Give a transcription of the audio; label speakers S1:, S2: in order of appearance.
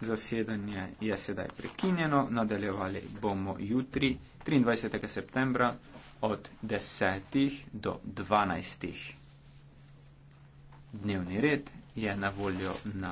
S1: Zasedanje je sedaj prekinjeno, nadaljevali bomo jutri, 23. septembra, od 10. do 12. Dnevni red je na voljo na